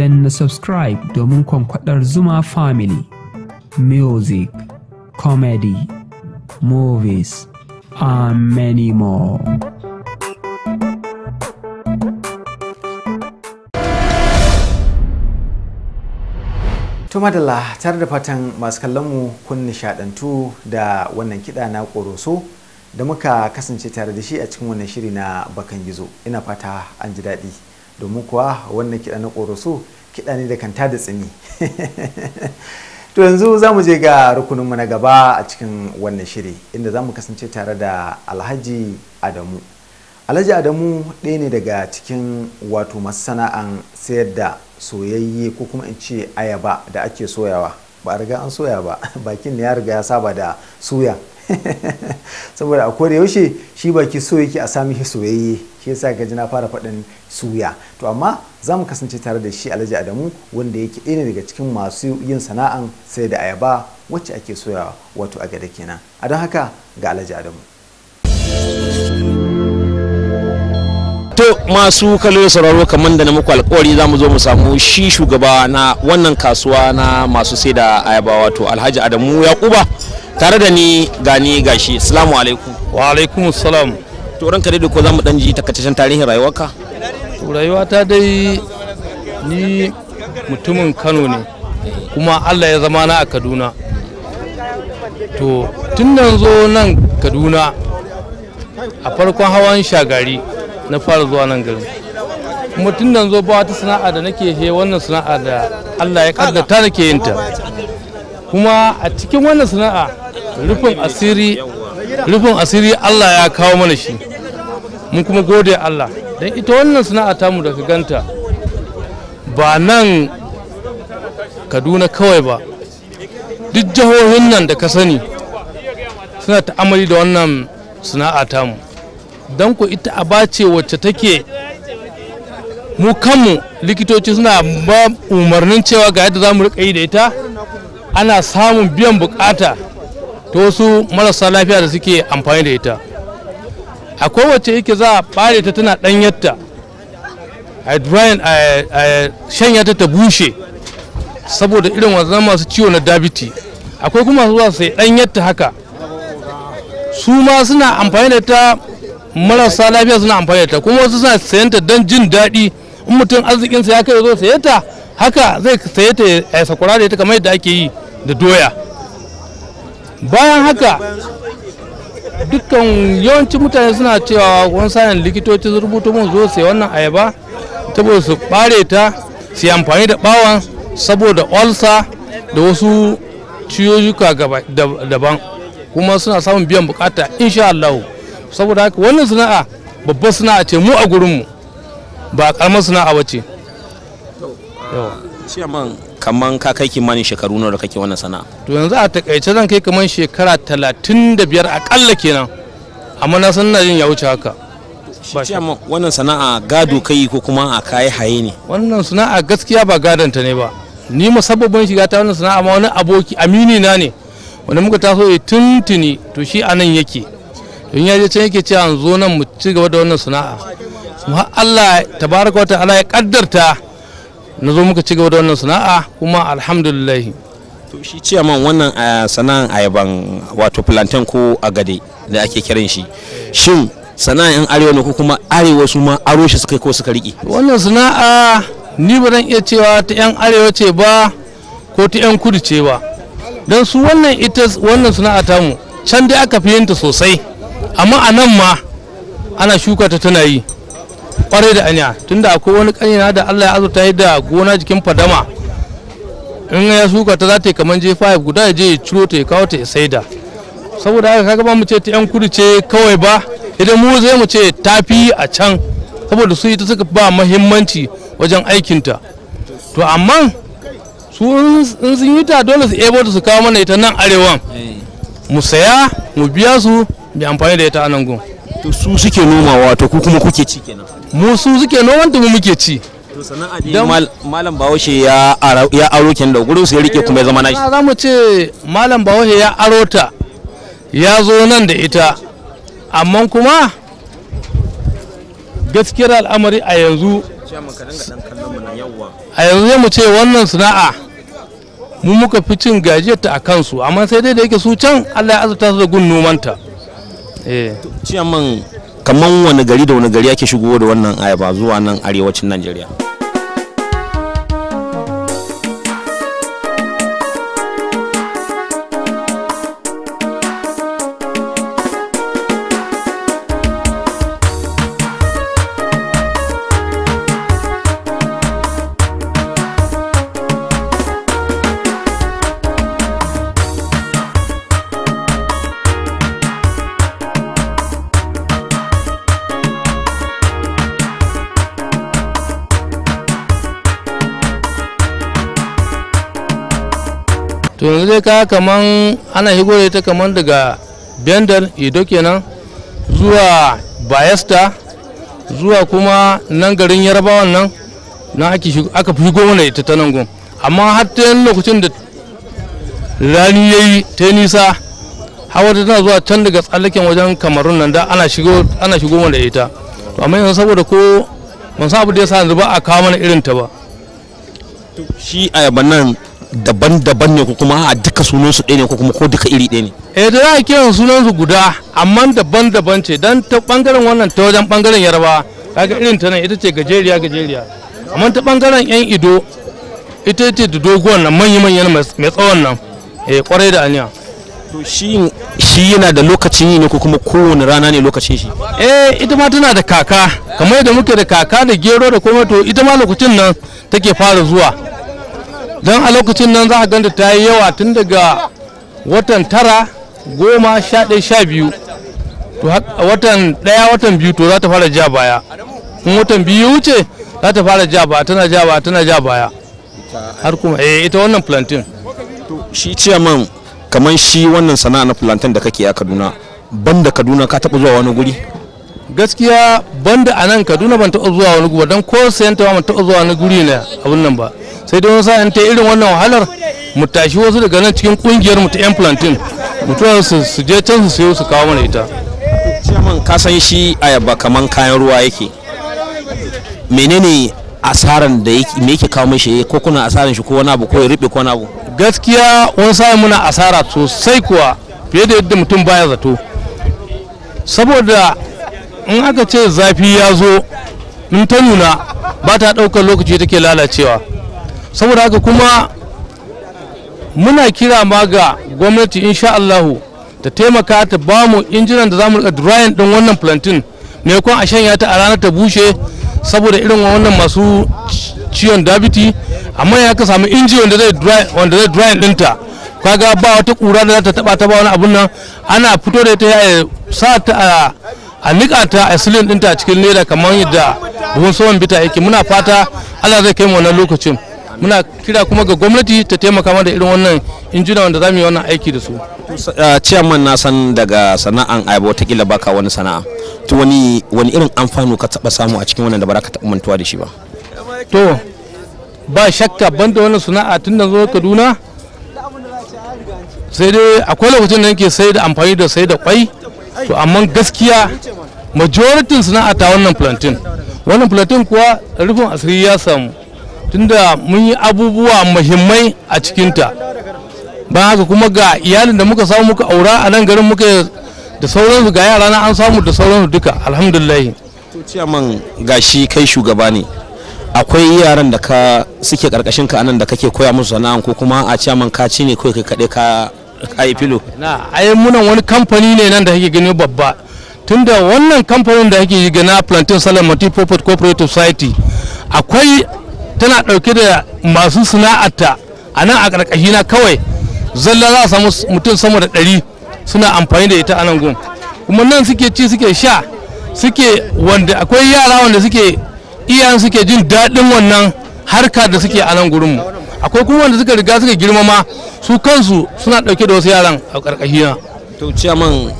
dan na subscribe domin kwankwadar Zuma Family, music, comedy, movies, and many more. To madalla tare da fatan masu kallonmu kun nishadantu da wannan kiɗa na ƙoroso da muka kasance tare da shi a cikin wannan shiri na bakan gizo ina fata an ji daɗi. domin kuwa wannan kiɗa na ƙoroso kiɗa ne da kanta da tsini to yanzu za mu je ga rukuninmu na gaba a cikin wannan shiri inda za mu kasance tare da alhaji adamu alhaji adamu ɗaya ne daga cikin wato masana'an sana'an sayar da soyayye ko kuma in ce ayaba da ake soyawa ba a riga an soya ba bakin ne ya riga ya saba da suya saboda a koda yaushe shi baki so yake a sami shi soyayye shi yasa gaji na fara faɗin suya to amma za mu kasance tare da shi alhaji adamu wanda yake ɗaya daga cikin masu yin sana'an sai da ayaba wacce ake soyawa wato a gada kenan a don haka ga alhaji adamu to masu kallo sauraro kamar da na muku alkawari za mu zo mu samu shi shugaba na wannan kasuwa na masu sai da ayaba wato alhaji adamu yakuba tare da ni gani gashi salamu alaikum wa alaikum salam to ranka dai ko za mu dan ji takaitaccen tarihin rayuwarka rayuwa ta dai ni mutumin kano ne kuma allah ya zama na a kaduna to tun nan zo nan kaduna a farkon hawan shagari na fara zuwa nan garin kuma tun nan zo ba wata sana'a da nake he wannan sana'a da allah ya kaddata nake ta. kuma a cikin wannan sana'a rufin asiri rufin asiri Allah ya kawo mana shi mun kuma gode Allah don ita wannan sana'a tamu da ka ganta ba nan kaduna kawai ba duk jihohin nan da ka sani suna ta'amari da wannan sana'a tamu Dan ku ita a bace wacce take mu kanmu likitoci suna ba umarnin cewa ga yadda za mu yi da ita ana samun biyan bukata ta wasu marasa lafiya da suke amfani da ita a kowace yake za a bare ta tana ɗanyarta a shanya ta bushe saboda irin wanzu masu ciwo na dabiti akwai kuma zuwa yi ɗanyarta haka su ma suna amfani da ta marasa lafiya suna amfani da ta kuma wasu suna sayanta don jin daɗi in mutum arzikinsa ya kai zo saye ta haka zai saye ta ya sakwara da ita kamar yadda ake yi da doya bayan haka dukkan yawanci mutane suna cewa wani sanin likitoci su rubuta mun zo sai wannan ayaba saboda su bare ta su yi amfani da bawan saboda olsa da wasu ciyoyuka daban kuma suna samun biyan bukata insha Allah saboda haka wannan sana'a babbar sana'a ce mu a gurinmu ba karamar sana'a ba ce. Ah, kamar ka kai kimanin shekaru nawa da kake wannan sana'a to yanzu a takaice zan kai kamar shekara talatin da biyar akalla kenan amma na san na jin ya wuce haka wannan sana'a gado kai ko kuma a kayi haye ne wannan sana'a gaskiya ba ta ne ba ni musabbabin shiga ta wannan sana'a ma wani aboki amini na ne wanda muka taso ya tuntuni to shi a nan yake don ya je can yake cewa zo nan mu ci gaba da wannan sana'a kuma Allah tabaraka wa ta'ala ya kaddarta na zo muka ci gaba da wannan sana'a kuma alhamdulillah to shi ciyaman wannan eh, sana'an ayaban wato plantain ko agade da ake kiran shi shin sana'an arewa ne ko kuma arewa su ma aro shi suka ko suka riƙe wannan sana'a ni ba zan iya cewa ta yan arewa ce ba ko ta yan kudu ce ba don su wannan ita wannan sana'a ta mu, can dai aka fi yinta sosai amma a nan ma ana shuka ta tana yi kwarai da anya tunda akwai wani kanina da Allah ya azurta yi da gona jikin fadama in ya suka ta za ta yi kamar j5 guda ya je ya ciro ta ya kawo ta ya saida saboda haka kaga ba mu ce ta yan kudu ce kawai ba idan mu zai mu ce ta fi a can saboda su ita suka ba mahimmanci wajen aikinta to amma su in sun yi ta dole su ebo su kawo mana ita nan arewan eh. mu saya mu biya su mai amfani da ita a nan gun to su suke nomawa to ku kuma kuke ci kenan mu su suke noman mu muke ci to malam bahaushe ya ya aro kin da gurin su ya rike kuma eh, ya zama nashi za mu ce malam bahaushe ya aro ta ya zo nan da ita amma kuma gaskiyar al'amari a yanzu a yanzu mu ce wannan sana'a mu muka fi cin gajiyarta a kansu amma sai dai da yake su can allah ya azurta su da gun nomanta eh. ciyaman kamar wani gari da wani gari ake shigo da wannan ayaba zuwa nan arewacin najeriya to yanzu dai kaya kaman ana shigo da ita kaman daga bendal ido kenan zuwa bayesta zuwa kuma nan garin yarbawan nan na aka fi shigo mana ita ta nan gun amma har ta yin lokacin da rani ya yi ta nisa hawa ta zuwa can daga tsallaken wajen kamarun nan da ana shigo ana shigo mana ita to amma yanzu saboda ko ban san abu da sa yanzu ba a kawo mana irin ta ba shi ayaban nan daban-daban ne ko kuma a duka sunan su ɗaya ne ko kuma ko duka iri ɗaya ne eh da za a kiran sunan su guda amma daban-daban ce dan ta bangaren wannan ta wajen bangaren yarba kaga irin ta nan ita ce gajeriya gajeriya amma ta bangaren yan ido ita ce da doguwar nan manya-manyan mai tsawon nan eh kwarai da aniya to shi shi yana da lokacin yi ne ko kuma kowane rana ne lokacin shi eh ita ma tana da kaka kamar yadda muke da kaka da gero da komai to ita ma lokacin nan take fara zuwa don a lokacin nan za a ganta ta yi yawa tun daga watan tara goma sha ɗaya sha biyu to watan ɗaya watan biyu to za ta fara ja baya in watan biyu wuce za ta fara ja baya tana ja baya tana ja baya har kuma eh ita wannan plantain to shi ciyaman kamar shi wannan sana'a na plantain da kake a Kaduna banda Kaduna ka taɓa zuwa wani guri gaskiya banda a nan Kaduna ban taɓa zuwa wani guri don ko sayan ta ban taɓa zuwa wani guri ne abun nan ba sai dai wasu an ta irin wannan wahalar mu tashi wasu daga nan cikin kungiyar mu ta yan plantain mutuwa su je can su sayo su kawo mana ita ciyaman ka san shi ayaba kaman kayan ruwa yake menene asaran da me yake kawo mishi ko kuna asaran shi ko wani abu ko ya rufe ko wani abu gaskiya wani sa'in muna asara sosai kuwa fiye da yadda mutum baya zato saboda in aka ce zafi ya zo in ta nuna ba ta ɗaukar lokaci take lalacewa saboda haka kuma muna kira ma ga gwamnati insha Allahu ta taimaka ta ba mu injinan da zamu rika drying din wannan plantain ne kun a shanya ta a ranar ta bushe saboda irin wannan masu ciwon dabiti amma ya ka samu inji wanda zai wanda drying dinta kaga ba wata kura da za ta taba ta ba wani abun nan ana fito da ita ya sa ta a a nika a silin dinta a cikin leda kamar yadda buhun sowan bita yake muna fata Allah zai kai mu wannan lokacin muna kira kuma ga gwamnati ta taimaka mana da irin wannan injina wanda za mu yi wannan aiki da su uh, ciyaman na san daga sana'an ayaba watakila baka wani sana'a to wani wani irin amfano ka taba samu a cikin wannan da ba ka taɓa mantuwa da shi ba to ba shakka banda wannan sana'a tun da zo kaduna sai dai akwai lokacin da nake sai da amfani da sai da kwai to amma gaskiya majoritin sana'a ta wannan plantain wannan plantain kuwa rufin asiri ya samu tunda mun yi abubuwa muhimmai a cikinta ba haka kuma ga iyalin da muka samu muka aura a nan garin muka da sauransu ga yara na an samu da sauransu duka alhamdulillah to ciyaman gashi kai shugaba ne akwai yaran da ka suke karkashin ka anan da kake koya musu sana'an ko kuma a ciyaman ka ci ne kai kaɗai ka kai filo na ai munan wani kamfani ne nan da kake gani babba tunda wannan kamfanin da kake gana plantain salamati profit cooperative society akwai tana ɗauke da masu sana'arta a nan a ƙarƙashi na kawai zalla za a samu mutum sama da ɗari suna amfani da ita a nan gun kuma nan suke ci suke sha suke wanda akwai yara wanda suke iyayen suke jin daɗin wannan harka da suke a nan gurinmu akwai kuma wanda suka riga suka girma ma su kansu suna ɗauke da wasu yaran a ƙarƙashi na. to ciyaman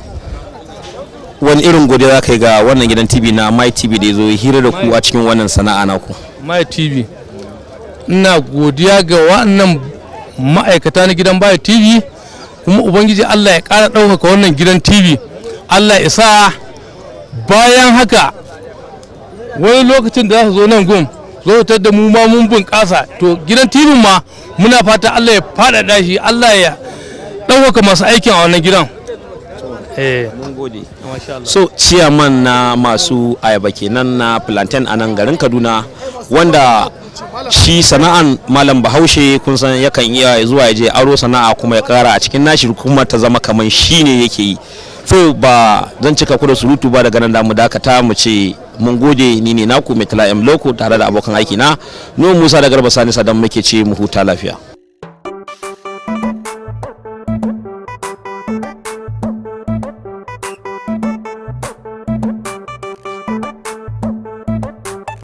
wani irin godiya za ka yi ga wannan gidan tv na mai tv da ya zo hira da ku a cikin wannan sana'a naku mai tv ina godiya ga wannan ma'aikata na gidan baya tv kuma ubangiji allah ya kara ɗaukaka wannan gidan tv allah ya sa bayan haka wani lokacin da za su zo nan gun zo da mu ma mun bunƙasa to gidan tv ma muna fata allah ya faɗaɗa shi allah ya ɗaukaka masu aikin a wannan gidan eh. so ciyaman na masu ayaba kenan na plantain a nan garin kaduna wanda shi sana'an malam bahaushe kun san yakan iya zuwa ya je aro sana'a kuma ya kara a cikin nashi kuma ta zama kamar shi ne yake yi so ba zan cika ku da surutu ba daga nan da mu dakata mu ce mun gode ni ne naku mai tala'im loko tare da abokan aiki na nuna musa da garba sani sadan muke ce mu huta lafiya